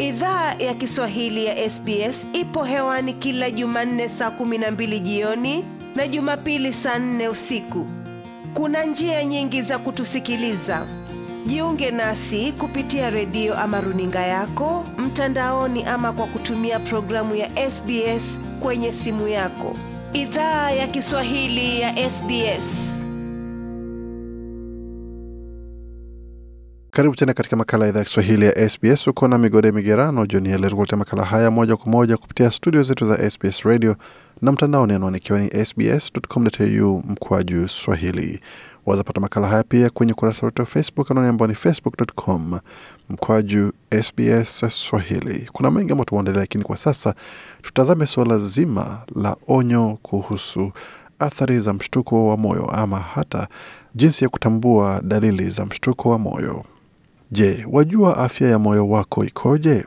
Idhaa ya Kiswahili ya SBS ipo hewani kila Jumanne saa 12 jioni na Jumapili saa 4 usiku. Kuna njia nyingi za kutusikiliza. Jiunge nasi kupitia redio ama runinga yako mtandaoni, ama kwa kutumia programu ya SBS kwenye simu yako. Idhaa ya Kiswahili ya SBS. Karibu tena katika makala ya idhaa ya Kiswahili ya SBS. Uko na Migode Migerano Joni alituletea makala haya moja kwa moja kupitia studio zetu za SBS radio na mtandaoni, anwani ikiwa ni sbs.com.au mkwaju swahili. Wazapata makala haya pia kwenye ukurasa wetu wa Facebook, anwani ambao ni facebook.com mkwaju SBS Swahili. Kuna mengi ambayo tumeandalia, lakini kwa sasa tutazame suala zima la onyo kuhusu athari za mshtuko wa moyo ama hata jinsi ya kutambua dalili za mshtuko wa moyo. Je, wajua afya ya moyo wako ikoje?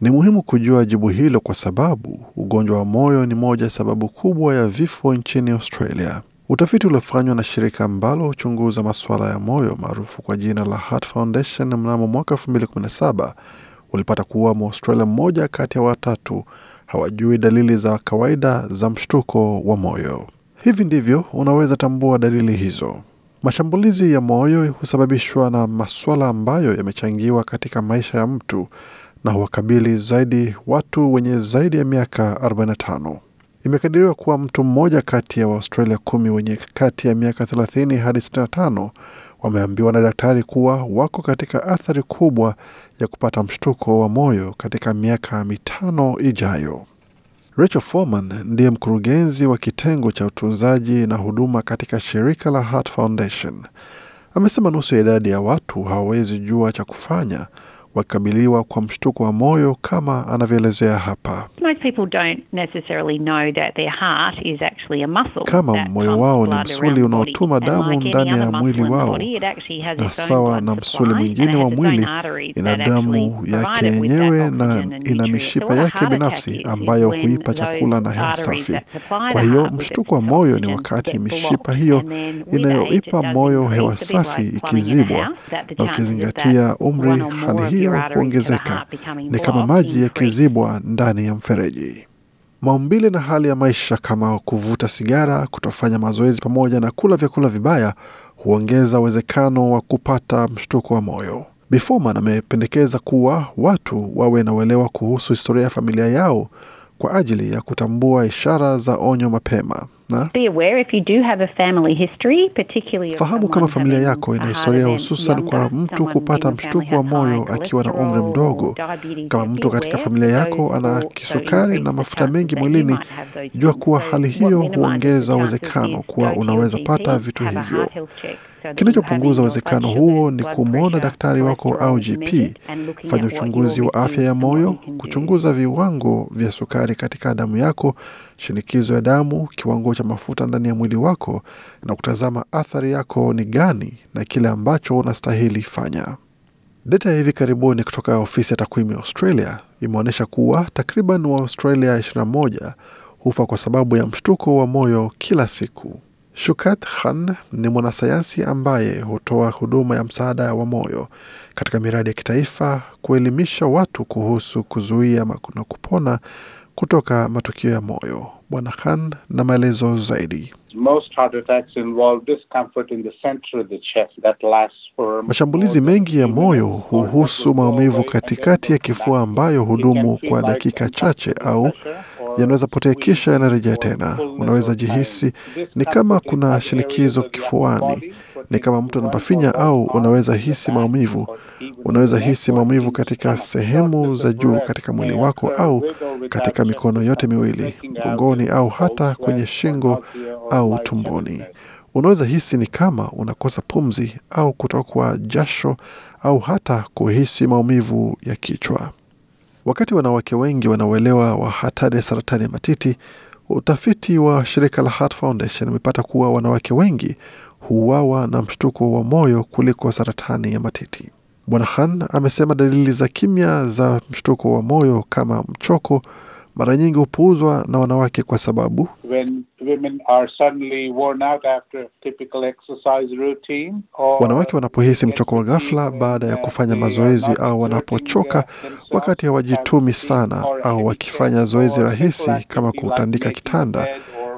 Ni muhimu kujua jibu hilo kwa sababu ugonjwa wa moyo ni moja ya sababu kubwa ya vifo nchini Australia. Utafiti uliofanywa na shirika ambalo huchunguza masuala ya moyo maarufu kwa jina la Heart Foundation mnamo mwaka 2017 ulipata kuwa Mwaustralia mmoja kati ya watatu hawajui dalili za kawaida za mshtuko wa moyo. Hivi ndivyo unaweza tambua dalili hizo. Mashambulizi ya moyo husababishwa na masuala ambayo yamechangiwa katika maisha ya mtu na huwakabili zaidi watu wenye zaidi ya miaka 45. Imekadiriwa kuwa mtu mmoja kati ya Waaustralia kumi wenye kati ya miaka 30 hadi 65 wameambiwa na daktari kuwa wako katika athari kubwa ya kupata mshtuko wa moyo katika miaka mitano ijayo. Rachel Foreman ndiye mkurugenzi wa kitengo cha utunzaji na huduma katika shirika la Heart Foundation. Amesema nusu ya idadi ya watu hawawezi jua cha kufanya wakikabiliwa kwa mshtuko wa moyo kama anavyoelezea hapa. Kama moyo wao ni msuli unaotuma damu ndani ya mwili wao, na sawa na msuli mwingine wa mwili, ina damu yake yenyewe na ina mishipa yake binafsi ambayo huipa chakula na hewa safi. Kwa hiyo mshtuko wa moyo ni wakati mishipa hiyo inayoipa moyo hewa safi ikizibwa, na ukizingatia umri, hali hii hiyo huongezeka, ni kama maji yakizibwa ndani ya mfereji. Maumbile na hali ya maisha kama kuvuta sigara, kutofanya mazoezi, pamoja na kula vyakula vibaya huongeza uwezekano wa kupata mshtuko wa moyo. Bi amependekeza kuwa watu wawe na uelewa kuhusu historia ya familia yao kwa ajili ya kutambua ishara za onyo mapema fahamu kama familia yako ina historia hususan kwa mtu kupata mshtuko wa moyo akiwa na umri mdogo. Kama mtu katika familia yako ana kisukari na mafuta mengi mwilini, jua kuwa hali hiyo huongeza uwezekano kuwa unaweza pata vitu hivyo. Kinachopunguza uwezekano huo ni kumwona daktari wako au GP, fanya uchunguzi wa afya ya moyo, kuchunguza viwango vya sukari katika damu yako shinikizo ya damu, kiwango cha mafuta ndani ya mwili wako na kutazama athari yako ni gani na kile ambacho unastahili fanya. Data ya hivi karibuni kutoka ofisi ya takwimu ya Australia imeonyesha kuwa takriban Waaustralia 21 hufa kwa sababu ya mshtuko wa moyo kila siku. Shukat Khan ni mwanasayansi ambaye hutoa huduma ya msaada wa moyo katika miradi ya kitaifa kuelimisha watu kuhusu kuzuia na kupona kutoka matukio ya moyo. Bwana Khan na maelezo zaidi. Mashambulizi mengi ya moyo huhusu maumivu katikati ya kifua ambayo hudumu kwa dakika chache au yanaweza potea kisha yanarejea tena. Unaweza jihisi ni kama kuna shinikizo kifuani, ni kama mtu anapafinya, au unaweza hisi maumivu. Unaweza hisi maumivu katika sehemu za juu katika mwili wako, au katika mikono yote miwili, mgongoni, au hata kwenye shingo au tumboni. Unaweza hisi ni kama unakosa pumzi au kutokwa jasho au hata kuhisi maumivu ya kichwa. Wakati wanawake wengi wanauelewa wa hatari ya saratani ya matiti, utafiti wa shirika la Heart Foundation umepata kuwa wanawake wengi huuawa na mshtuko wa moyo kuliko saratani ya matiti. Bwana Han amesema dalili za kimya za mshtuko wa moyo kama mchoko mara nyingi hupuuzwa na wanawake kwa sababu wanawake wanapohisi mchoko wa ghafla baada ya kufanya mazoezi au wanapochoka wakati hawajitumi sana au wakifanya zoezi rahisi kama kutandika kitanda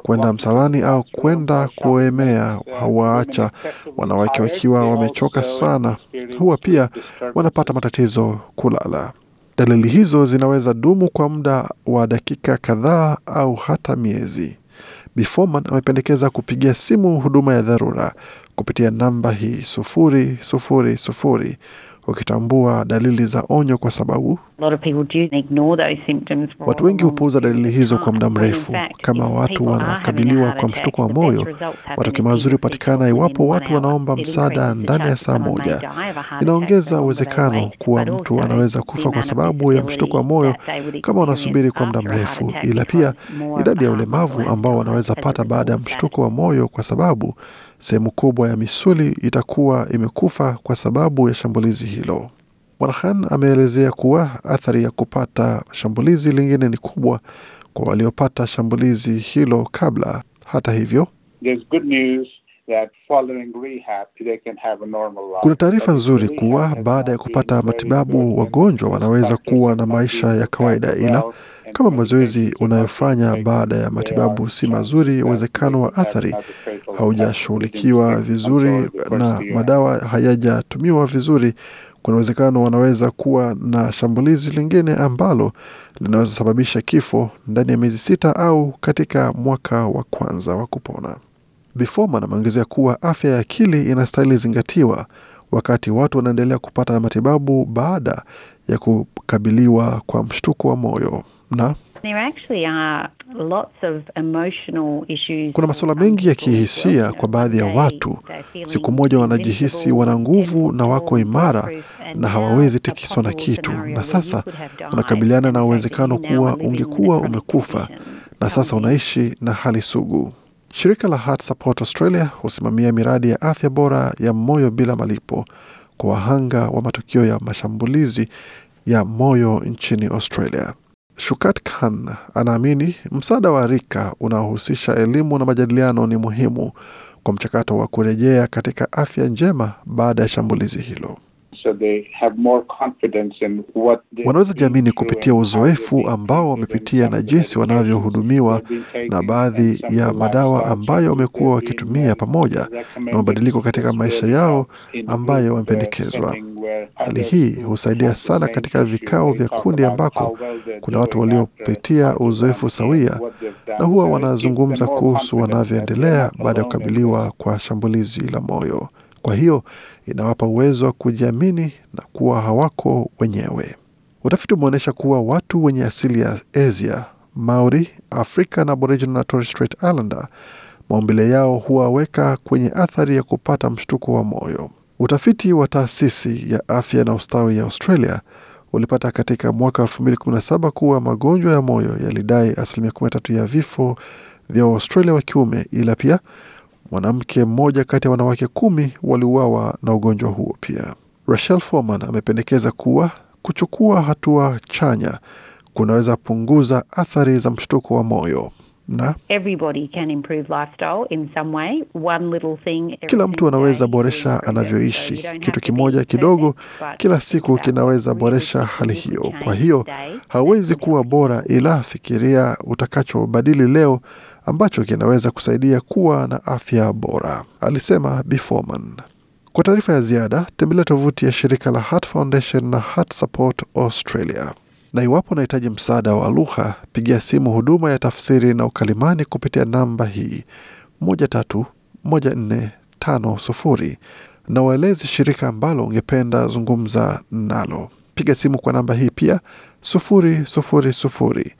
kwenda msalani au kwenda kuemea, hawaacha wanawake wakiwa wamechoka sana. Huwa pia wanapata matatizo kulala. Dalili hizo zinaweza dumu kwa muda wa dakika kadhaa au hata miezi. Bi amependekeza kupigia simu huduma ya dharura kupitia namba hii sufuri wakitambua dalili za onyo, kwa sababu watu wengi hupuuza dalili hizo kwa muda mrefu. Kama watu wanakabiliwa kwa mshtuko wa moyo, matokeo mazuri hupatikana iwapo watu wanaomba msaada ndani ya saa moja. Inaongeza uwezekano kuwa mtu anaweza kufa kwa sababu ya mshtuko wa moyo kama wanasubiri kwa muda mrefu, ila pia idadi ya ulemavu ambao wanaweza pata baada ya mshtuko wa moyo kwa sababu Sehemu kubwa ya misuli itakuwa imekufa kwa sababu ya shambulizi hilo. Marhan ameelezea kuwa athari ya kupata shambulizi lingine ni kubwa kwa waliopata shambulizi hilo kabla. Hata hivyo, There's good news. Kuna taarifa nzuri kuwa baada ya kupata matibabu wagonjwa wanaweza kuwa na maisha ya kawaida, ila kama mazoezi unayofanya baada ya matibabu si mazuri, uwezekano wa athari haujashughulikiwa vizuri na uh, madawa hayajatumiwa vizuri, kuna uwezekano wanaweza kuwa na shambulizi lingine ambalo linaweza sababisha kifo ndani ya miezi sita au katika mwaka wa kwanza wa kupona bifoma na ameongezea kuwa afya ya akili inastahili zingatiwa wakati watu wanaendelea kupata matibabu baada ya kukabiliwa kwa mshtuko wa moyo na kuna masuala mengi ya kihisia kwa baadhi ya watu. Siku moja wanajihisi wana nguvu na wako imara na hawawezi tikiswa na kitu, na sasa unakabiliana na uwezekano kuwa ungekuwa umekufa na sasa unaishi na hali sugu. Shirika la Heart Support Australia husimamia miradi ya afya bora ya moyo bila malipo kwa wahanga wa matukio ya mashambulizi ya moyo nchini Australia. Shukat Khan anaamini msaada wa rika unaohusisha elimu na majadiliano ni muhimu kwa mchakato wa kurejea katika afya njema baada ya shambulizi hilo wanaweza jamii ni kupitia uzoefu ambao wamepitia na jinsi wanavyohudumiwa na baadhi ya madawa ambayo wamekuwa wakitumia pamoja na mabadiliko katika maisha yao ambayo wamependekezwa. Hali hii husaidia sana katika vikao vya kundi ambako kuna watu waliopitia uzoefu sawia na huwa wanazungumza kuhusu wanavyoendelea baada ya kukabiliwa kwa shambulizi la moyo. Kwa hiyo inawapa uwezo wa kujiamini na kuwa hawako wenyewe. Utafiti umeonyesha kuwa watu wenye asili ya Asia, Maori, Afrika na Aboriginal na Torres Strait Islander, maumbile yao huwaweka kwenye athari ya kupata mshtuko wa moyo. Utafiti wa taasisi ya afya na ustawi ya Australia ulipata katika mwaka 217 kuwa magonjwa ya moyo yalidai asilimia 13 ya vifo vya Waustralia wa kiume, ila pia mwanamke mmoja kati ya wanawake kumi waliuawa na ugonjwa huo. Pia Rachel forman amependekeza kuwa kuchukua hatua chanya kunaweza punguza athari za mshtuko wa moyo na kila mtu anaweza boresha anavyoishi. Kitu kimoja kidogo kila siku kinaweza boresha hali hiyo. Kwa hiyo hawezi kuwa bora, ila fikiria utakachobadili leo ambacho kinaweza kusaidia kuwa na afya bora, alisema Bi Kwa taarifa ya ziada tembelea tovuti ya shirika la Heart Foundation na Heart Support Australia. Na iwapo unahitaji msaada wa lugha, pigia simu huduma ya tafsiri na ukalimani kupitia namba hii 131450 na waelezi shirika ambalo ungependa zungumza nalo. Piga simu kwa namba hii pia 000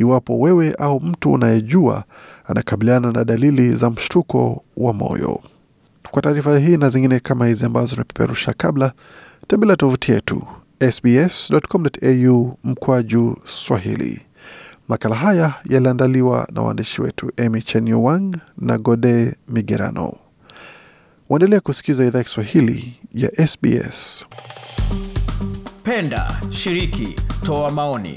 iwapo wewe au mtu unayejua anakabiliana na dalili za mshtuko wa moyo. Kwa taarifa hii na zingine kama hizi ambazo tunapeperusha kabla, tembelea tovuti yetu sbs.com.au mkwaju Swahili. Makala haya yaliandaliwa na waandishi wetu Emy Chenyuwang na Gode Migerano. Waendelea kusikiza idhaa Kiswahili ya SBS. Penda, shiriki, toa maoni